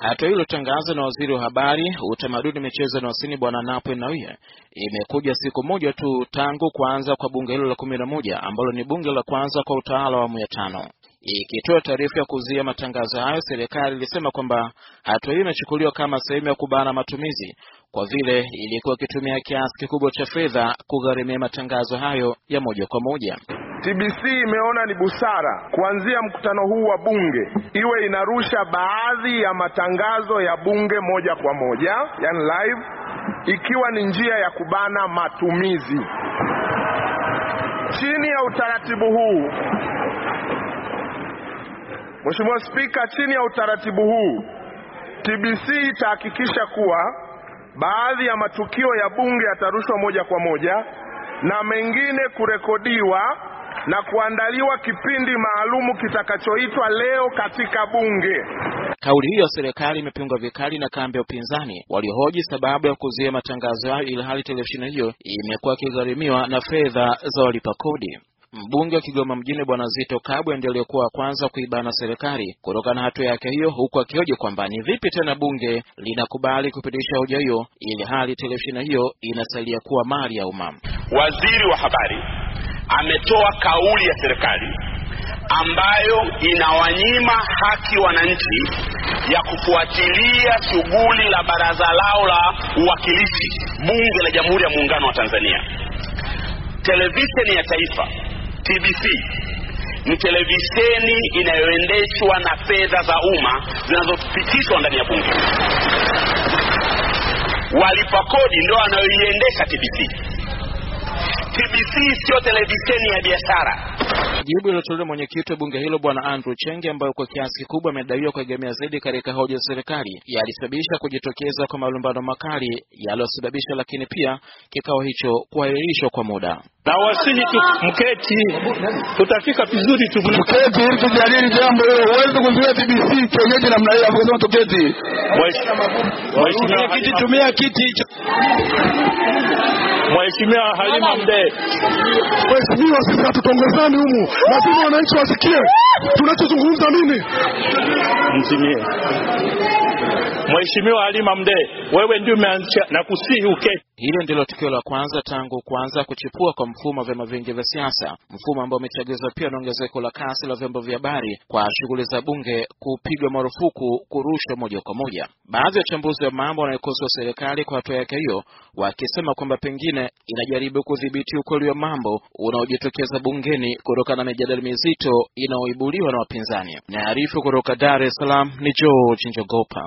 Hatua hiyo iliyotangazwa na waziri wa habari, utamaduni, michezo na wasini Bwana Nape Nnauye imekuja siku moja tu tangu kuanza kwa bunge hilo la kumi na moja ambalo ni bunge la kwanza kwa utawala wa awamu ya tano. Ikitoa taarifa ya kuzuia matangazo hayo, serikali ilisema kwamba hatua hiyo inachukuliwa kama sehemu ya kubana matumizi kwa vile ilikuwa ikitumia kiasi kikubwa cha fedha kugharimia matangazo hayo ya moja kwa moja. TBC imeona ni busara kuanzia mkutano huu wa bunge iwe inarusha baadhi ya matangazo ya bunge moja kwa moja, yani live, ikiwa ni njia ya kubana matumizi. Chini ya utaratibu huu, Mheshimiwa Spika, chini ya utaratibu huu TBC itahakikisha kuwa baadhi ya matukio ya bunge yatarushwa moja kwa moja na mengine kurekodiwa na kuandaliwa kipindi maalumu kitakachoitwa leo katika bunge. Kauli hiyo ya serikali imepingwa vikali na kambi ya upinzani waliohoji sababu ya kuzuia matangazo hayo, hali televisheni hiyo imekuwa ikigharimiwa na fedha za walipa kodi. Mbunge wa Kigoma mjini Bwana Zito Kabwe endelee kuwa wa kwanza kuibana serikali kutokana na hatua yake hiyo, huku akihoji kwamba ni vipi tena bunge linakubali kupitisha hoja hiyo, ili hali televisheni hiyo inasalia kuwa mali ya umma. Waziri wa habari ametoa kauli ya serikali ambayo inawanyima haki wananchi ya kufuatilia shughuli la baraza lao la uwakilishi bunge la Jamhuri ya Muungano wa Tanzania. Televisheni ya Taifa TBC ni televisheni inayoendeshwa na fedha za umma zinazopitishwa ndani ya bunge. Walipa kodi ndio wanayoiendesha TBC. TBC siyo televisheni ya biashara. Jibu lilotolewa mwenyekiti wa bunge hilo Bwana Andrew Chenge, ambayo kwa kiasi kikubwa amedaiwa kuegemea zaidi katika hoja za serikali, yalisababisha kujitokeza kwa malumbano makali yaliyosababisha lakini pia kikao hicho kuahirishwa kwa muda. Na wasihi tu mketi, tutafika vizuri tu, mketi ili tujadili jambo hilo. Huwezi kuzuia BBC kienyeji namna hiyo hapo kusema tuketi. Mheshimiwa kiti, tumia kiti hicho. Mheshimiwa Halima Mdee, mheshimiwa, sisi hatutongozani ndani humu, lazima wananchi wasikie tunachozungumza nini. Mzimie. Mheshimiwa Halima Mdee, wewe ndio umeanzisha na kusihi uketi. hili ndilo tukio la kwanza tangu kuanza kuchipua kwa mfumo wa vyama vingi vya siasa, mfumo ambao umechagizwa pia na ongezeko la kasi la vyombo vya habari kwa shughuli za bunge kupigwa marufuku kurushwa moja kwa moja. Baadhi ya wachambuzi wa mambo wanaikosoa serikali kwa hatua yake hiyo, wakisema kwamba pengine inajaribu kudhibiti ukweli wa mambo unaojitokeza bungeni kutokana na mijadala mizito inayoibuliwa na wapinzani. Naarifu kutoka Dar es Salaam ni George Njogopa.